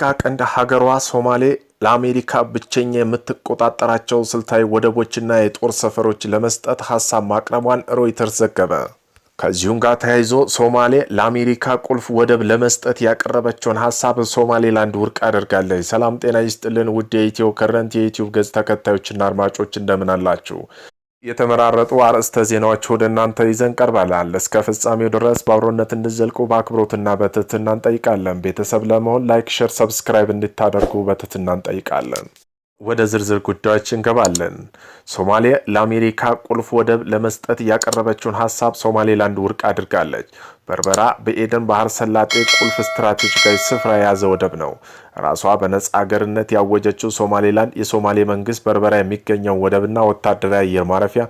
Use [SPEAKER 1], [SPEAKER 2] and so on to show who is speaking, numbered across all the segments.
[SPEAKER 1] የአፍሪካ ቀንድ ሀገሯ ሶማሌ ለአሜሪካ ብቸኛ የምትቆጣጠራቸው ስልታዊ ወደቦችና የጦር ሰፈሮች ለመስጠት ሀሳብ ማቅረቧን ሮይተርስ ዘገበ። ከዚሁም ጋር ተያይዞ ሶማሌ ለአሜሪካ ቁልፍ ወደብ ለመስጠት ያቀረበችውን ሀሳብ ሶማሌላንድ ውድቅ አድርጋለች። ሰላም ጤና ይስጥልን ውድ የኢትዮ ከረንት የዩትዩብ ገጽ ተከታዮችና አድማጮች እንደምን አላችሁ? የተመራረጡ አርዕስተ ዜናዎች ወደ እናንተ ይዘን ቀርበናል። እስከ ፍጻሜው ድረስ በአብሮነት እንዲዘልቁ በአክብሮትና በትህትና እንጠይቃለን። ቤተሰብ ለመሆን ላይክ፣ ሸር፣ ሰብስክራይብ እንድታደርጉ በትህትና እንጠይቃለን። ወደ ዝርዝር ጉዳዮች እንገባለን። ሶማሌ ለአሜሪካ ቁልፍ ወደብ ለመስጠት ያቀረበችውን ሀሳብ ሶማሌላንድ ውድቅ አድርጋለች። በርበራ በኤደን ባህር ሰላጤ ቁልፍ ስትራቴጂካዊ ስፍራ የያዘ ወደብ ነው። ራሷ በነጻ አገርነት ያወጀችው ሶማሌላንድ የሶማሌ መንግስት በርበራ የሚገኘው ወደብና ወታደራዊ አየር ማረፊያ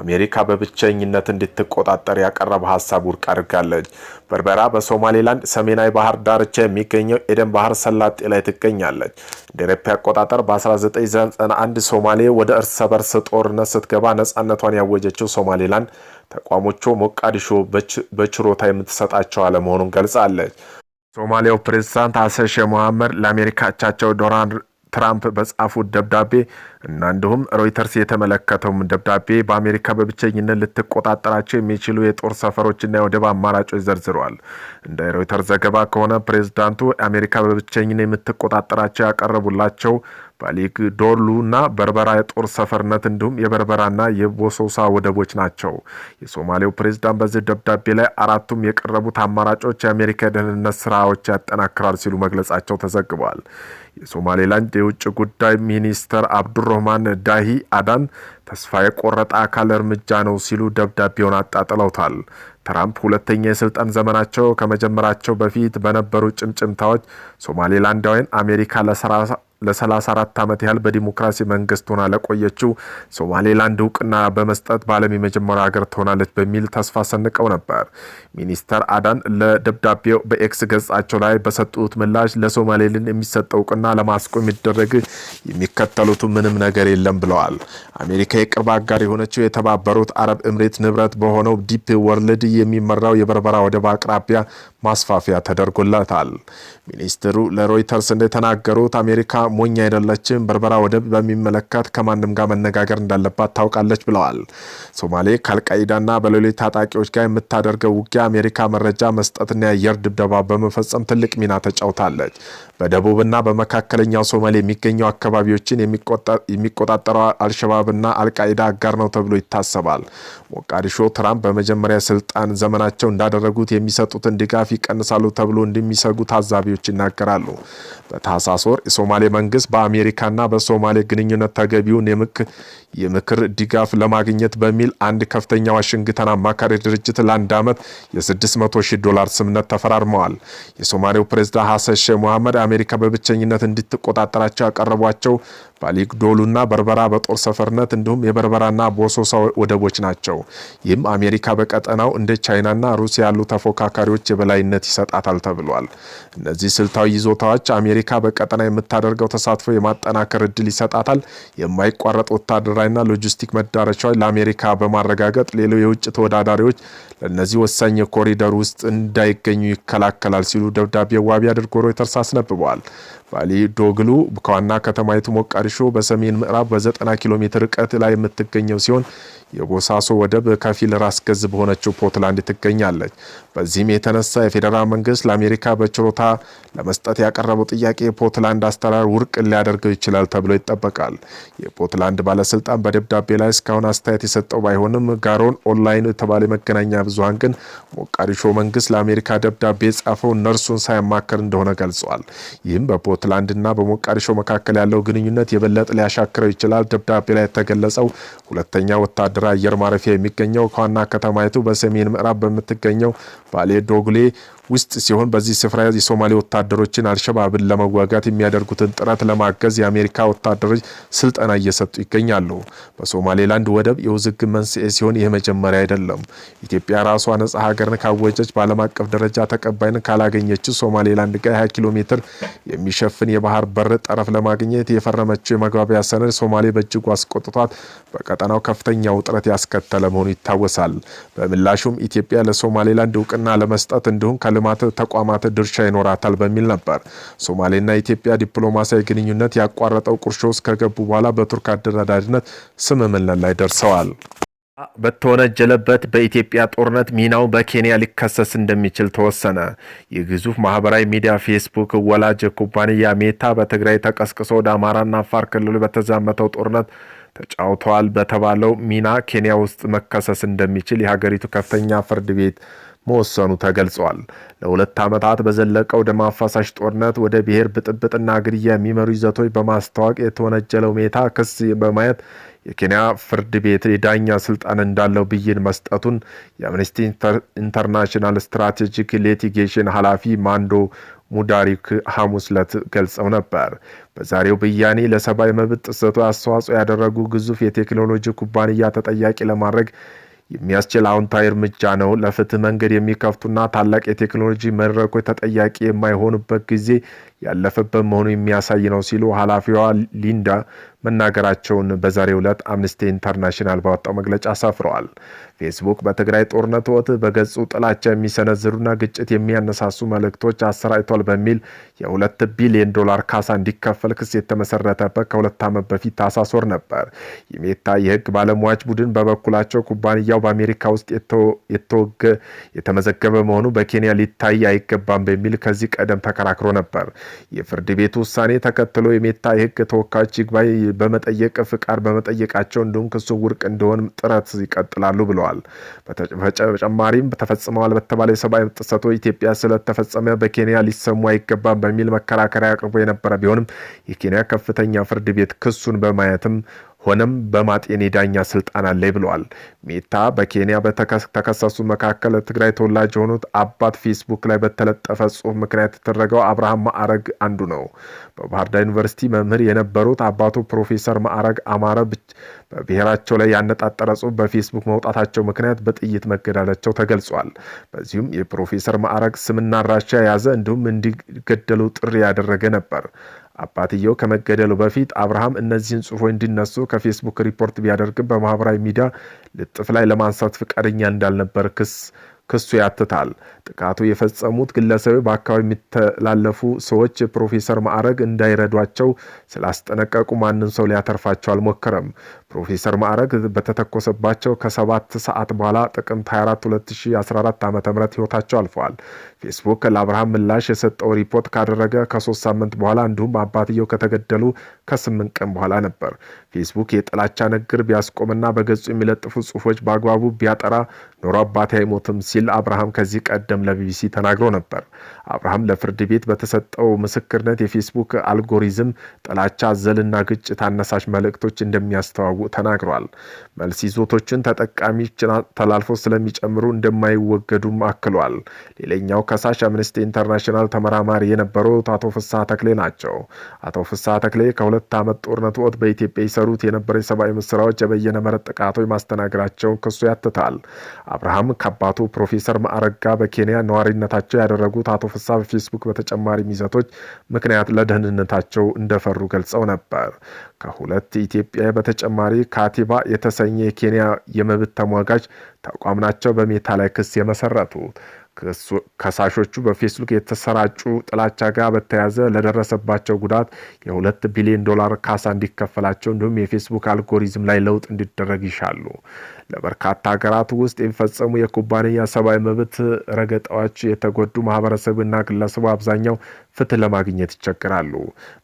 [SPEAKER 1] አሜሪካ በብቸኝነት እንድትቆጣጠር ያቀረበ ሀሳብ ውድቅ አድርጋለች። በርበራ በሶማሌላንድ ሰሜናዊ ባህር ዳርቻ የሚገኘው ኤደን ባህር ሰላጤ ላይ ትገኛለች። እንደ አውሮፓ አቆጣጠር በ1991 ሶማሌ ወደ እርስ በርስ ጦርነት ስትገባ ነጻነቷን ያወጀችው ሶማሌላንድ ተቋሞቹ ሞቃዲሾ በችሮታ የምትሰጣቸው አለመሆኑን ገልጻለች።
[SPEAKER 2] ሶማሊያው ፕሬዝዳንት አሰሸ ሼህ መሐመድ ለአሜሪካ አቻቸው ዶናልድ ትራምፕ በጻፉት ደብዳቤ እና እንዲሁም ሮይተርስ የተመለከተውም ደብዳቤ በአሜሪካ በብቸኝነት ልትቆጣጠራቸው የሚችሉ የጦር ሰፈሮችና የወደብ አማራጮች ዘርዝረዋል። እንደ ሮይተርስ ዘገባ ከሆነ ፕሬዝዳንቱ አሜሪካ በብቸኝነት የምትቆጣጠራቸው ያቀረቡላቸው ባሊክ እና በርበራ የጦር ሰፈርነት እንዲሁም የበርበራና የቦሶሳ ወደቦች ናቸው። የሶማሌው ፕሬዝዳንት በዚህ ደብዳቤ ላይ አራቱም የቀረቡት አማራጮች የአሜሪካ የደህንነት ስራዎች ያጠናክራል ሲሉ መግለጻቸው ተዘግቧል። የሶማሌላንድ የውጭ ጉዳይ ሚኒስተር አብዱረህማን ዳሂ አዳን ተስፋ የቆረጠ አካል እርምጃ ነው ሲሉ ደብዳቤውን አጣጥለውታል። ትራምፕ ሁለተኛ የስልጣን ዘመናቸው ከመጀመራቸው በፊት በነበሩ ጭምጭምታዎች ሶማሌላንዳውያን አሜሪካ ለስራ ለ34 ዓመት ያህል በዲሞክራሲ መንግስት ሆና ለቆየችው ሶማሌላንድ እውቅና በመስጠት በዓለም የመጀመሪያ ሀገር ትሆናለች በሚል ተስፋ ሰንቀው ነበር። ሚኒስተር አዳን ለደብዳቤው በኤክስ ገጻቸው ላይ በሰጡት ምላሽ ለሶማሌልን የሚሰጠው እውቅና ለማስቆም የሚደረግ የሚከተሉት ምንም ነገር የለም ብለዋል። አሜሪካ የቅርብ አጋር የሆነችው የተባበሩት አረብ እምሬት ንብረት በሆነው ዲፕ ወርልድ የሚመራው የበርበራ ወደብ አቅራቢያ ማስፋፊያ ተደርጎለታል። ሚኒስትሩ ለሮይተርስ እንደተናገሩት አሜሪካ ሞኝ አይደለችም፣ በርበራ ወደብ በሚመለከት ከማንም ጋር መነጋገር እንዳለባት ታውቃለች ብለዋል። ሶማሌ ከአልቃይዳና በሌሎች ታጣቂዎች ጋር የምታደርገው ውጊያ አሜሪካ መረጃ መስጠትና የአየር ድብደባ በመፈጸም ትልቅ ሚና ተጫውታለች። በደቡብና በመካከለኛው ሶማሌ የሚገኙ አካባቢዎችን የሚቆጣጠረው አልሸባብና አልቃይዳ አጋር ነው ተብሎ ይታሰባል። ሞቃዲሾ ትራምፕ በመጀመሪያ ስልጣን ዘመናቸው እንዳደረጉት የሚሰጡትን ድጋፍ ይቀንሳሉ ተብሎ እንደሚሰጉ ታዛቢዎች ይናገራሉ። በታህሳስ ወር የሶማሌ መንግስት በአሜሪካና በሶማሌ ግንኙነት ተገቢውን የምክር ድጋፍ ለማግኘት በሚል አንድ ከፍተኛ ዋሽንግተን አማካሪ ድርጅት ለአንድ ዓመት የ600 ሺህ ዶላር ስምነት ተፈራርመዋል። የሶማሌው ፕሬዝዳንት ሐሰን ሼህ መሐመድ አሜሪካ በብቸኝነት እንድትቆጣጠራቸው ያቀረቧቸው ባሊግ ዶሉና በርበራ በጦር ሰፈርነት እንዲሁም የበርበራና ቦሶሳ ወደቦች ናቸው። ይህም አሜሪካ በቀጠናው እንደ ቻይናና ሩሲያ ያሉ ተፎካካሪዎች የበላይነት ይሰጣታል ተብሏል። እነዚህ ስልታዊ ይዞታዎች አሜሪካ አሜሪካ በቀጠና የምታደርገው ተሳትፎ የማጠናከር እድል ይሰጣታል። የማይቋረጥ ወታደራዊና ሎጂስቲክ መዳረሻ ለአሜሪካ በማረጋገጥ ሌሎች የውጭ ተወዳዳሪዎች ለእነዚህ ወሳኝ የኮሪደር ውስጥ እንዳይገኙ ይከላከላል ሲሉ ደብዳቤ ዋቢ አድርጎ ሮይተርስ አስነብበዋል። ባሊ ዶግሉ ከዋና ከተማይቱ ሞቃዲሾ በሰሜን ምዕራብ በ90 ኪሎ ሜትር ርቀት ላይ የምትገኘው ሲሆን የቦሳሶ ወደብ ከፊል ራስ ገዝ በሆነችው ፖርትላንድ ትገኛለች። በዚህም የተነሳ የፌዴራል መንግስት ለአሜሪካ በችሮታ ለመስጠት ያቀረበው ጥያቄ ጥያቄ የፖትላንድ አስተራር ውርቅ ሊያደርገው ይችላል ተብሎ ይጠበቃል። የፖትላንድ ባለስልጣን በደብዳቤ ላይ እስካሁን አስተያየት የሰጠው ባይሆንም ጋሮን ኦንላይን የተባለ መገናኛ ብዙሀን ግን ሞቃዲሾ መንግስት ለአሜሪካ ደብዳቤ የጻፈው እነርሱን ሳያማከር እንደሆነ ገልጿል። ይህም በፖትላንድና በሞቃዲሾ መካከል ያለው ግንኙነት የበለጠ ሊያሻክረው ይችላል። ደብዳቤ ላይ የተገለጸው ሁለተኛ ወታደራዊ አየር ማረፊያ የሚገኘው ከዋና ከተማይቱ በሰሜን ምዕራብ በምትገኘው ባሌ ዶግሌ ውስጥ ሲሆን በዚህ ስፍራ የሶማሌ ወታደሮችን አልሸባብን ለመዋጋት የሚያደርጉትን ጥረት ለማገዝ የአሜሪካ ወታደሮች ስልጠና እየሰጡ ይገኛሉ። በሶማሌላንድ ወደብ የውዝግብ መንስኤ ሲሆን ይህ መጀመሪያ አይደለም። ኢትዮጵያ ራሷ ነጻ ሀገርን ካወጀች በዓለም አቀፍ ደረጃ ተቀባይነት ካላገኘችው ሶማሌላንድ ጋር 20 ኪሎ ሜትር የሚሸፍን የባህር በር ጠረፍ ለማግኘት የፈረመችው የመግባቢያ ሰነድ ሶማሌ በእጅጉ አስቆጥቷት በቀጠናው ከፍተኛ ውጥረት ያስከተለ መሆኑ ይታወሳል። በምላሹም ኢትዮጵያ ለሶማሌላንድ እውቅና ለመስጠት እንዲሁም ልማት ተቋማት ድርሻ ይኖራታል በሚል ነበር። ሶማሌና ኢትዮጵያ ዲፕሎማሲያዊ ግንኙነት ያቋረጠው ቁርሾ ውስጥ ከገቡ በኋላ በቱርክ አደራዳሪነት ስምምነት ላይ ደርሰዋል።
[SPEAKER 3] በተወነጀለበት በኢትዮጵያ ጦርነት ሚናው በኬንያ ሊከሰስ እንደሚችል ተወሰነ። የግዙፍ ማህበራዊ ሚዲያ ፌስቡክ ወላጅ ኩባንያ ሜታ በትግራይ ተቀስቅሶ ወደ አማራና አፋር ክልል በተዛመተው ጦርነት ተጫውተዋል በተባለው ሚና ኬንያ ውስጥ መከሰስ እንደሚችል የሀገሪቱ ከፍተኛ ፍርድ ቤት መወሰኑ ተገልጿል። ለሁለት ዓመታት በዘለቀው ደም አፋሳሽ ጦርነት ወደ ብሔር ብጥብጥና ግድያ የሚመሩ ይዘቶች በማስታወቅ የተወነጀለው ሜታ ክስ በማየት የኬንያ ፍርድ ቤት የዳኛ ስልጣን እንዳለው ብይን መስጠቱን የአምነስቲ ኢንተርናሽናል ስትራቴጂክ ሊቲጌሽን ኃላፊ ማንዶ ሙዳሪክ ሐሙስ ዕለት ገልጸው ነበር። በዛሬው ብያኔ ለሰብአዊ መብት ጥሰቱ አስተዋጽኦ ያደረጉ ግዙፍ የቴክኖሎጂ ኩባንያ ተጠያቂ ለማድረግ የሚያስችል አዎንታዊ እርምጃ ነው። ለፍትህ መንገድ የሚከፍቱና ታላቅ የቴክኖሎጂ መድረኮች ተጠያቂ የማይሆኑበት ጊዜ ያለፈበት መሆኑ የሚያሳይ ነው ሲሉ ኃላፊዋ ሊንዳ መናገራቸውን በዛሬው ዕለት አምነስቲ ኢንተርናሽናል ባወጣው መግለጫ አሳፍረዋል። ፌስቡክ በትግራይ ጦርነት ወቅት በገጹ ጥላቻ የሚሰነዝሩና ግጭት የሚያነሳሱ መልእክቶች አሰራጭቷል በሚል የሁለት ቢሊዮን ዶላር ካሳ እንዲከፈል ክስ የተመሰረተበት ከሁለት ዓመት በፊት ታኅሳስ ወር ነበር። የሜታ የህግ ባለሙያዎች ቡድን በበኩላቸው ኩባንያው በአሜሪካ ውስጥ የተመዘገበ መሆኑ በኬንያ ሊታይ አይገባም በሚል ከዚህ ቀደም ተከራክሮ ነበር። የፍርድ ቤት ውሳኔ ተከትሎ የሜታ የህግ ተወካዮች ይግባኝ በመጠየቅ ፍቃድ በመጠየቃቸው እንዲሁም ክሱ ውድቅ እንደሆን ጥረት ይቀጥላሉ ብለዋል። በተጨማሪም ተፈጽመዋል በተባለ የሰብአዊ ጥሰቶች ኢትዮጵያ ስለተፈጸመ በኬንያ ሊሰሙ አይገባም በሚል መከራከሪያ አቅርቦ የነበረ ቢሆንም የኬንያ ከፍተኛ ፍርድ ቤት ክሱን በማየትም ሆነም በማጤን የዳኛ ስልጣን አለኝ ብለዋል። ሜታ በኬንያ በተከሰሱ መካከል ትግራይ ተወላጅ የሆኑት አባት ፌስቡክ ላይ በተለጠፈ ጽሁፍ ምክንያት የተደረገው አብርሃም ማዕረግ አንዱ ነው። በባህር ዳር ዩኒቨርሲቲ መምህር የነበሩት አባቱ ፕሮፌሰር ማዕረግ አማረ በብሔራቸው ላይ ያነጣጠረ ጽሁፍ በፌስቡክ መውጣታቸው ምክንያት በጥይት መገደላቸው ተገልጿል። በዚሁም የፕሮፌሰር ማዕረግ ስምና አድራሻ የያዘ እንዲሁም እንዲገደሉ ጥሪ ያደረገ ነበር። አባትየው ከመገደሉ በፊት አብርሃም እነዚህን ጽሁፎች እንዲነሱ ከፌስቡክ ሪፖርት ቢያደርግም በማህበራዊ ሚዲያ ልጥፍ ላይ ለማንሳት ፍቃደኛ እንዳልነበር ክስ ክሱ ያትታል። ጥቃቱ የፈጸሙት ግለሰቦች በአካባቢ የሚተላለፉ ሰዎች የፕሮፌሰር ማዕረግ እንዳይረዷቸው ስላስጠነቀቁ ማንም ሰው ሊያተርፋቸው አልሞከረም። ፕሮፌሰር ማዕረግ በተተኮሰባቸው ከሰባት ሰዓት በኋላ ጥቅምት 24 2014 ዓ ም ህይወታቸው አልፈዋል። ፌስቡክ ለአብርሃም ምላሽ የሰጠው ሪፖርት ካደረገ ከሶስት ሳምንት በኋላ እንዲሁም አባትየው ከተገደሉ ከስምንት ቀን በኋላ ነበር። ፌስቡክ የጥላቻ ንግግር ቢያስቆምና በገጹ የሚለጥፉ ጽሁፎች በአግባቡ ቢያጠራ ኖሮ አባቴ አይሞትም ሲል አብርሃም ከዚህ ቀደም ለቢቢሲ ተናግሮ ነበር። አብርሃም ለፍርድ ቤት በተሰጠው ምስክርነት የፌስቡክ አልጎሪዝም ጥላቻ ዘልና ግጭት አነሳሽ መልእክቶች እንደሚያስተዋው ተናግሯል። መልስ ይዞቶችን ተጠቃሚ ተላልፎ ስለሚጨምሩ እንደማይወገዱም አክሏል። ሌላኛው ከሳሽ አምነስቲ ኢንተርናሽናል ተመራማሪ የነበሩት አቶ ፍስሐ ተክሌ ናቸው። አቶ ፍስሐ ተክሌ ከሁለት ዓመት ጦርነት ወቅት በኢትዮጵያ ይሰሩት የነበረ የሰብአዊ ስራዎች የበየነ መረብ ጥቃቶች ማስተናገዳቸውን ክሱ ያትታል። አብርሃም ከአባቱ ፕሮፌሰር ማዕረጋ በኬንያ ነዋሪነታቸው ያደረጉት አቶ ፍስሐ በፌስቡክ በተጨማሪ ይዘቶች ምክንያት ለደህንነታቸው እንደፈሩ ገልጸው ነበር። ከሁለት ኢትዮጵያ በተጨማሪ ዛሬ ካቲባ የተሰኘ የኬንያ የመብት ተሟጋጅ ተቋም ናቸው በሜታ ላይ ክስ የመሰረቱት። ከሳሾቹ በፌስቡክ የተሰራጩ ጥላቻ ጋር በተያያዘ ለደረሰባቸው ጉዳት የሁለት ቢሊዮን ዶላር ካሳ እንዲከፈላቸው እንዲሁም የፌስቡክ አልጎሪዝም ላይ ለውጥ እንዲደረግ ይሻሉ። ለበርካታ ሀገራት ውስጥ የሚፈጸሙ የኩባንያ ሰብአዊ መብት ረገጣዎች የተጎዱ ማህበረሰብና ግለሰቡ አብዛኛው ፍትህ ለማግኘት ይቸግራሉ።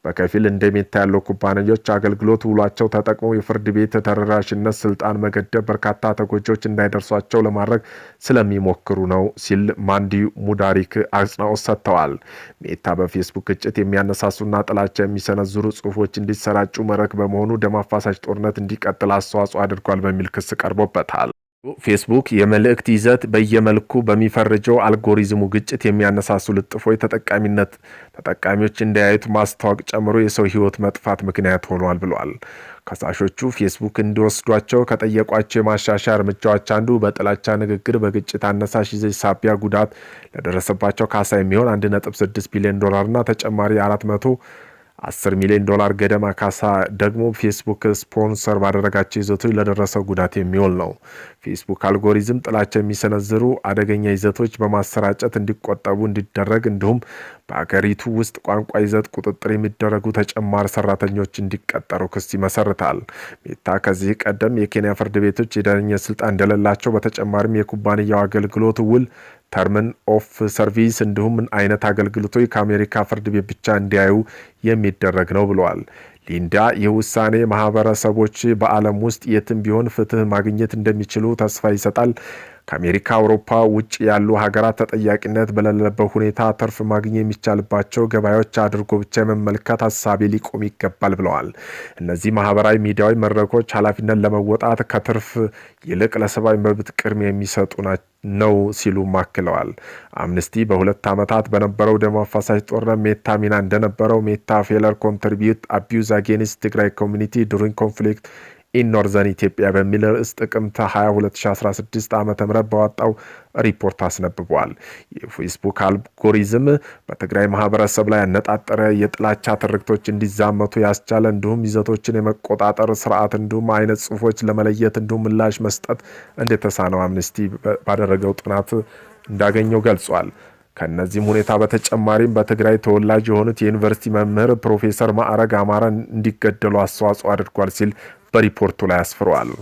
[SPEAKER 3] በከፊል እንደሜታ ያለው ኩባንያዎች አገልግሎት ውሏቸው ተጠቅመው የፍርድ ቤት ተደራሽነት ስልጣን መገደብ በርካታ ተጎጂዎች እንዳይደርሷቸው ለማድረግ ስለሚሞክሩ ነው ሲል ማንዲ ሙዳሪክ አጽንኦት ሰጥተዋል። ሜታ በፌስቡክ ግጭት የሚያነሳሱና ጥላቻ የሚሰነዝሩ ጽሁፎች እንዲሰራጩ መረክ በመሆኑ ደም አፋሳሽ ጦርነት እንዲቀጥል አስተዋጽኦ አድርጓል በሚል ክስ ቀርቦ ተጽፎበታል። ፌስቡክ የመልእክት ይዘት በየመልኩ በሚፈርጀው አልጎሪዝሙ ግጭት የሚያነሳሱ ልጥፎች ተጠቃሚነት ተጠቃሚዎች እንዳያዩት ማስታወቅ ጨምሮ የሰው ሕይወት መጥፋት ምክንያት ሆኗል ብሏል። ከሳሾቹ ፌስቡክ እንዲወስዷቸው ከጠየቋቸው የማሻሻያ እርምጃዎች አንዱ በጥላቻ ንግግር በግጭት አነሳሽ ይዘት ሳቢያ ጉዳት ለደረሰባቸው ካሳ የሚሆን 1.6 ቢሊዮን ዶላርና ተጨማሪ 400 10 ሚሊዮን ዶላር ገደማ ካሳ ደግሞ ፌስቡክ ስፖንሰር ባደረጋቸው ይዘቶች ለደረሰው ጉዳት የሚውል ነው። ፌስቡክ አልጎሪዝም ጥላቸው የሚሰነዝሩ አደገኛ ይዘቶች በማሰራጨት እንዲቆጠቡ እንዲደረግ እንዲሁም በአገሪቱ ውስጥ ቋንቋ ይዘት ቁጥጥር የሚደረጉ ተጨማሪ ሰራተኞች እንዲቀጠሩ ክስ ይመሰርታል። ሜታ ከዚህ ቀደም የኬንያ ፍርድ ቤቶች የዳኝነት ስልጣን እንደሌላቸው በተጨማሪም የኩባንያው አገልግሎት ውል ተርምን ኦፍ ሰርቪስ እንዲሁም ምን አይነት አገልግሎቶች ከአሜሪካ ፍርድ ቤት ብቻ እንዲያዩ የሚደረግ ነው ብለዋል። ሊንዳ ይህ ውሳኔ ማህበረሰቦች በዓለም ውስጥ የትም ቢሆን ፍትህ ማግኘት እንደሚችሉ ተስፋ ይሰጣል ከአሜሪካ አውሮፓ ውጭ ያሉ ሀገራት ተጠያቂነት በሌለበት ሁኔታ ትርፍ ማግኘት የሚቻልባቸው ገበያዎች አድርጎ ብቻ የመመልከት ሀሳቢ ሊቆም ይገባል ብለዋል። እነዚህ ማህበራዊ ሚዲያዊ መድረኮች ኃላፊነት ለመወጣት ከትርፍ ይልቅ ለሰብአዊ መብት ቅድሚያ የሚሰጡ ነው ሲሉ ማክለዋል። አምነስቲ በሁለት ዓመታት በነበረው ደም አፋሳሽ ጦርነት ሜታ ሚና እንደነበረው ሜታ ፌለር ኮንትሪቢዩት አቢዩዝ አጌንስት ትግራይ ኮሚኒቲ ዱሪንግ ኮንፍሊክት ኢኖርዘን ኢትዮጵያ በሚል ርዕስ ጥቅምት 22 2016 ዓ ም በወጣው ሪፖርት አስነብቧል። የፌስቡክ አልጎሪዝም በትግራይ ማህበረሰብ ላይ ያነጣጠረ የጥላቻ ትርክቶች እንዲዛመቱ ያስቻለ እንዲሁም ይዘቶችን የመቆጣጠር ስርዓት እንዲሁም አይነት ጽሁፎች ለመለየት እንዲሁም ምላሽ መስጠት እንደተሳነው አምነስቲ ባደረገው ጥናት እንዳገኘው ገልጿል። ከነዚህም ሁኔታ በተጨማሪም በትግራይ ተወላጅ የሆኑት የዩኒቨርሲቲ መምህር ፕሮፌሰር ማዕረግ አማረ እንዲገደሉ አስተዋጽኦ አድርጓል ሲል በሪፖርቱ ላይ አስፍረዋል።